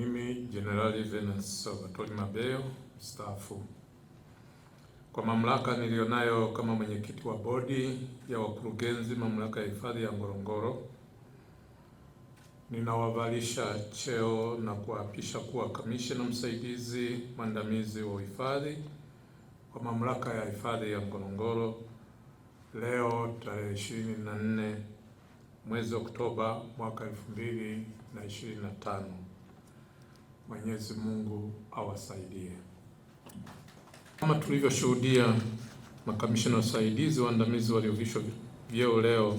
Mimi Jenerali Venance Salvatore Mabeyo mstaafu, kwa mamlaka niliyonayo kama mwenyekiti wa bodi ya wakurugenzi mamlaka ya hifadhi ya Ngorongoro, ninawavalisha cheo na kuapisha kuwa kamishna msaidizi mwandamizi wa uhifadhi kwa mamlaka ya hifadhi ya Ngorongoro leo tarehe 24 mwezi Oktoba mwaka 2025. Mwenyezi Mungu awasaidie. Kama tulivyoshuhudia makamishina wasaidizi waandamizi waliovishwa vyeo leo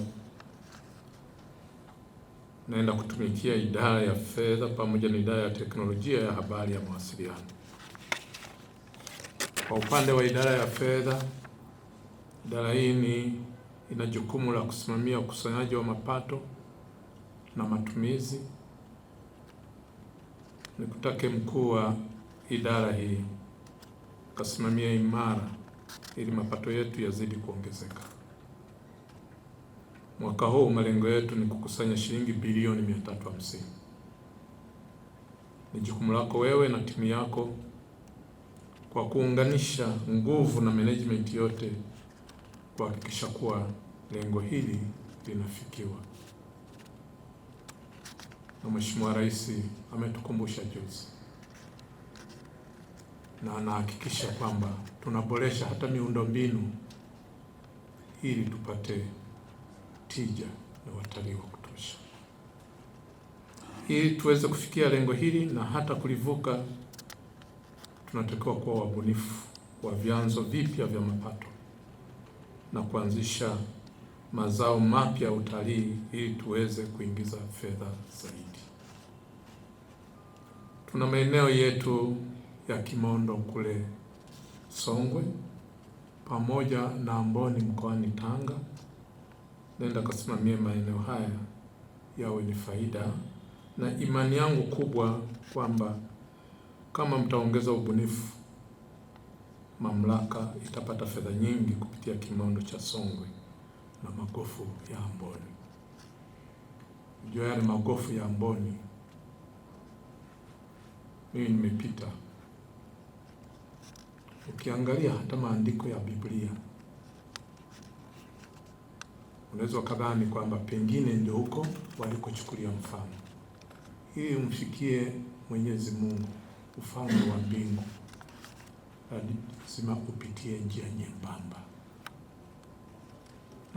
naenda kutumikia idara ya fedha pamoja na idara ya teknolojia ya habari ya mawasiliano. Kwa upande wa idara ya fedha, idara hii ni ina jukumu la kusimamia ukusanyaji wa mapato na matumizi nikutake mkuu wa idara hii kasimamia imara, ili mapato yetu yazidi kuongezeka. Mwaka huu malengo yetu ni kukusanya shilingi bilioni 350. Ni jukumu lako wewe na timu yako kwa kuunganisha nguvu na management yote kuhakikisha kuwa lengo hili linafikiwa na Mheshimiwa Rais ametukumbusha juzi, na anahakikisha kwamba tunaboresha hata miundombinu ili tupate tija na watalii wa kutosha, ili tuweze kufikia lengo hili na hata kulivuka. Tunatakiwa kuwa wabunifu wa vyanzo vipya vya mapato na kuanzisha mazao mapya ya utalii ili tuweze kuingiza fedha zaidi. Tuna maeneo yetu ya Kimondo kule Songwe pamoja na Amboni mkoani Tanga. Nenda kasimamie maeneo haya yawe ni faida, na imani yangu kubwa kwamba kama mtaongeza ubunifu, mamlaka itapata fedha nyingi kupitia Kimondo cha Songwe na magofu ya Amboni. Mjua yale magofu ya Amboni, mimi nimepita. Ukiangalia hata maandiko ya Biblia unaweza kadhani kwamba pengine ndio huko walikochukulia mfano, ili umfikie Mwenyezi Mungu. Ufalme wa mbingu lazima upitie njia nyembamba.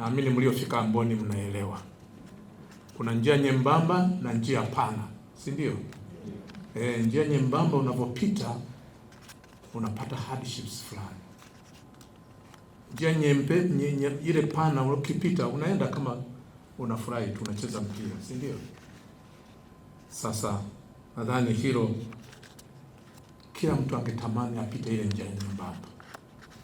Naamini mliofika Amboni mnaelewa kuna njia nyembamba na njia pana, si ndio? E, njia nyembamba unapopita unapata hardships fulani. Njia nyembe nye, nye, ile pana ukipita unaenda kama unafurahi tu, unacheza mpira, si ndio? Sasa nadhani hilo kila mtu angetamani apite ile njia nyembamba.